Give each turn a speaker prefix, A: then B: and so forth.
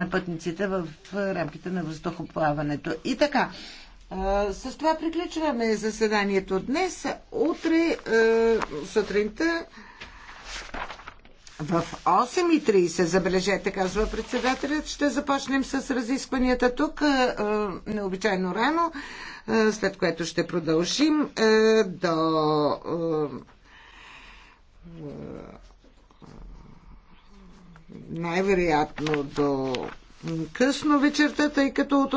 A: на пътниците в рамките на въздухоплаването. И така, с това приключваме заседанието днес. Утре сутринта в 8.30, забележете, казва председателят, ще започнем с разискванията тук, необичайно рано, след което ще продължим до най-вероятно до
B: късно вечерта, тъй като от